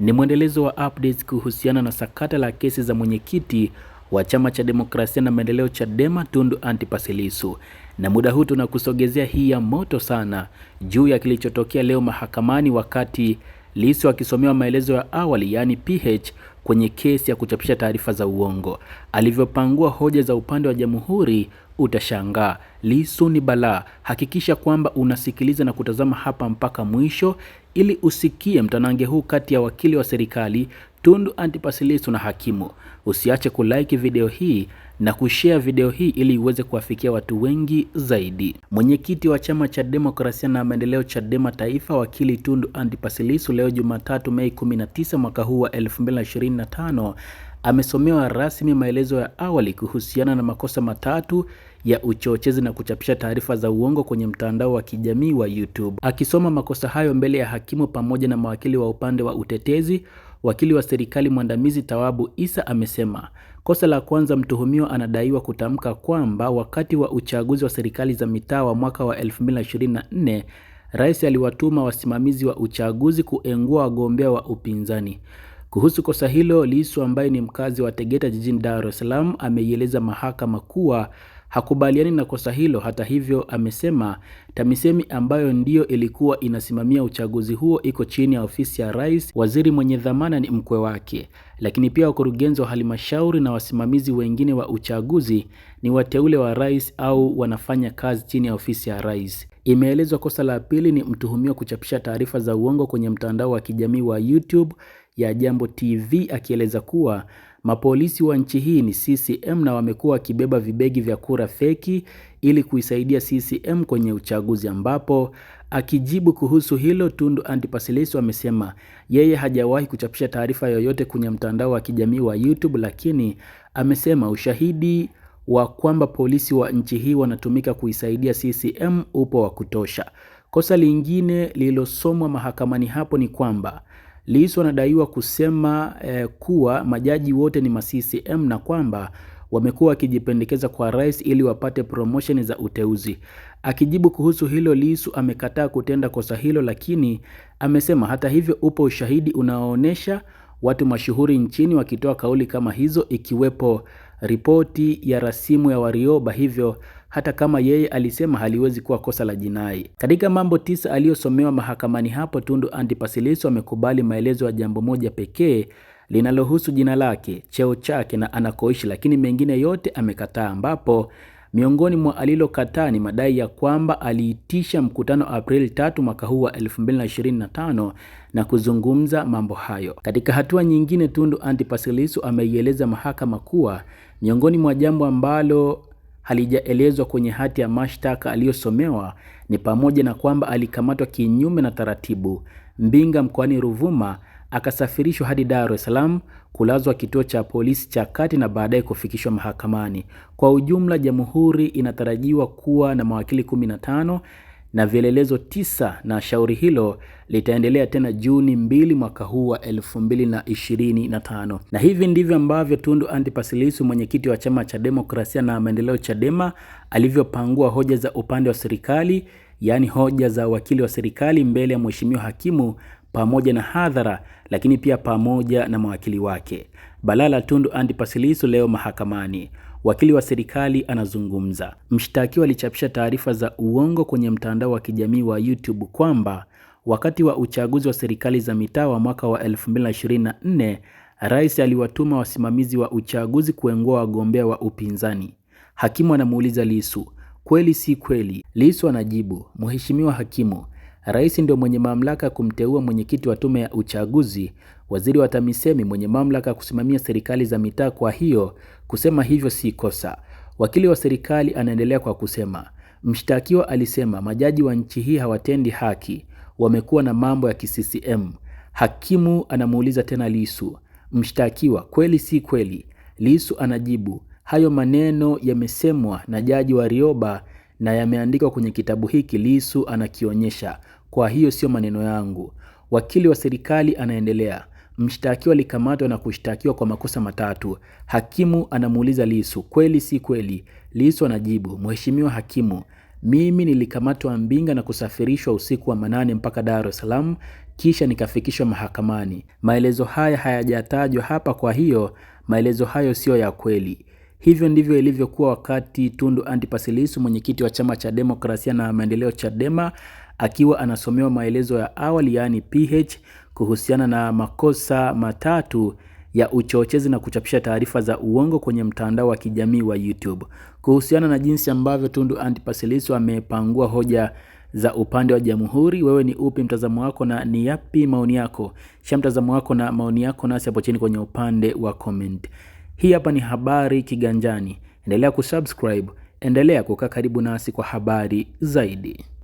Ni mwendelezo wa updates kuhusiana na sakata la kesi za mwenyekiti wa chama cha demokrasia na maendeleo Chadema Tundu Antipas Lissu, na muda huu tunakusogezea hii ya moto sana juu ya kilichotokea leo mahakamani wakati Lissu akisomewa maelezo ya awali yaani PH kwenye kesi ya kuchapisha taarifa za uongo alivyopangua hoja za upande wa jamhuri utashangaa. Lisu ni balaa. Hakikisha kwamba unasikiliza na kutazama hapa mpaka mwisho ili usikie mtanange huu kati ya wakili wa serikali Tundu Antipas Lissu na hakimu. Usiache kulike video hii na kushare video hii ili iweze kuwafikia watu wengi zaidi. Mwenyekiti wa chama cha demokrasia na maendeleo Chadema Taifa, wakili Tundu Antipas Lissu leo Jumatatu Mei 19 mwaka huu wa 2025 amesomewa rasmi maelezo ya awali kuhusiana na makosa matatu ya uchochezi na kuchapisha taarifa za uongo kwenye mtandao wa kijamii wa YouTube. Akisoma makosa hayo mbele ya hakimu pamoja na mawakili wa upande wa utetezi, wakili wa serikali mwandamizi Tawabu Isa amesema kosa la kwanza, mtuhumiwa anadaiwa kutamka kwamba wakati wa uchaguzi wa serikali za mitaa wa mwaka wa 2024 rais aliwatuma wasimamizi wa uchaguzi kuengua wagombea wa upinzani. Kuhusu kosa hilo, Lissu ambaye ni mkazi wa Tegeta jijini Dar es Salaam ameieleza mahakama kuwa hakubaliani na kosa hilo. Hata hivyo, amesema TAMISEMI ambayo ndiyo ilikuwa inasimamia uchaguzi huo iko chini ya ofisi ya rais, waziri mwenye dhamana ni mkwe wake, lakini pia wakurugenzi wa halmashauri na wasimamizi wengine wa uchaguzi ni wateule wa rais au wanafanya kazi chini ya ofisi ya rais. Imeelezwa kosa la pili ni mtuhumiwa kuchapisha taarifa za uongo kwenye mtandao wa kijamii wa YouTube ya Jambo TV akieleza kuwa mapolisi wa nchi hii ni CCM na wamekuwa wakibeba vibegi vya kura feki ili kuisaidia CCM kwenye uchaguzi ambapo akijibu kuhusu hilo, Tundu Antipas Lissu amesema yeye hajawahi kuchapisha taarifa yoyote kwenye mtandao wa kijamii wa YouTube, lakini amesema ushahidi wa kwamba polisi wa nchi hii wanatumika kuisaidia CCM upo wa kutosha. Kosa lingine lililosomwa mahakamani hapo ni kwamba Lissu anadaiwa kusema eh, kuwa majaji wote ni ma CCM na kwamba wamekuwa wakijipendekeza kwa rais ili wapate promotion za uteuzi. Akijibu kuhusu hilo, Lissu amekataa kutenda kosa hilo, lakini amesema hata hivyo upo ushahidi unaoonyesha watu mashuhuri nchini wakitoa kauli kama hizo, ikiwepo ripoti ya rasimu ya Warioba, hivyo hata kama yeye alisema haliwezi kuwa kosa la jinai. Katika mambo tisa aliyosomewa mahakamani hapo, Tundu Antipas Lissu amekubali maelezo ya jambo moja pekee linalohusu jina lake, cheo chake na anakoishi, lakini mengine yote amekataa, ambapo miongoni mwa alilokataa ni madai ya kwamba aliitisha mkutano Aprili 3 mwaka huu wa 2025 na kuzungumza mambo hayo. Katika hatua nyingine, Tundu Antipas Lissu ameieleza mahakama kuwa miongoni mwa jambo ambalo halijaelezwa kwenye hati ya mashtaka aliyosomewa ni pamoja na kwamba alikamatwa kinyume na taratibu Mbinga mkoani Ruvuma, akasafirishwa hadi Dar es Salaam, kulazwa kituo cha polisi cha Kati na baadaye kufikishwa mahakamani. Kwa ujumla, jamhuri inatarajiwa kuwa na mawakili 15 na vielelezo tisa na shauri hilo litaendelea tena Juni mbili mwaka huu wa 2025. Na hivi ndivyo ambavyo Tundu Antipas Lissu, mwenyekiti wa chama cha demokrasia na maendeleo Chadema, alivyopangua hoja za upande wa serikali, yaani hoja za wakili wa serikali mbele ya mheshimiwa hakimu pamoja na hadhara, lakini pia pamoja na mawakili wake. Balaa la Tundu Antipas Lissu leo mahakamani. Wakili wa serikali anazungumza. Mshtakiwa alichapisha taarifa za uongo kwenye mtandao wa kijamii wa YouTube kwamba wakati wa uchaguzi wa serikali za mitaa wa mwaka wa 2024 rais aliwatuma wasimamizi wa uchaguzi kuengua wagombea wa upinzani. Hakimu anamuuliza lisu kweli si kweli? lisu anajibu, Mheshimiwa Hakimu, rais ndio mwenye mamlaka ya kumteua mwenyekiti wa tume ya uchaguzi waziri wa TAMISEMI mwenye mamlaka ya kusimamia serikali za mitaa. Kwa hiyo kusema hivyo si kosa. Wakili wa serikali anaendelea kwa kusema, mshtakiwa alisema majaji wa nchi hii hawatendi haki, wamekuwa na mambo ya kiccm. Hakimu anamuuliza tena Lisu, mshtakiwa, kweli si kweli? Lisu anajibu, hayo maneno yamesemwa na jaji wa rioba na yameandikwa kwenye kitabu hiki. Lisu anakionyesha, kwa hiyo sio maneno yangu. Wakili wa serikali anaendelea Mshtakiwa alikamatwa na kushtakiwa kwa makosa matatu. Hakimu anamuuliza lisu kweli si kweli? lisu anajibu, Mheshimiwa Hakimu, mimi nilikamatwa Mbinga na kusafirishwa usiku wa manane mpaka Dar es Salaam, kisha nikafikishwa mahakamani. Maelezo haya hayajatajwa hapa, kwa hiyo maelezo hayo siyo ya kweli. Hivyo ndivyo ilivyokuwa wakati Tundu Antipas Lissu, mwenyekiti wa chama cha demokrasia na maendeleo, Chadema, akiwa anasomewa maelezo ya awali yaani PH kuhusiana na makosa matatu ya uchochezi na kuchapisha taarifa za uongo kwenye mtandao wa kijamii wa YouTube. Kuhusiana na jinsi ambavyo Tundu Antipas Lissu amepangua hoja za upande wa Jamhuri, wewe ni upi mtazamo wako na ni yapi maoni yako? Shia mtazamo wako na maoni yako nasi hapo chini kwenye upande wa comment. Hii hapa ni Habari Kiganjani. Endelea kusubscribe, endelea kukaa karibu nasi kwa habari zaidi.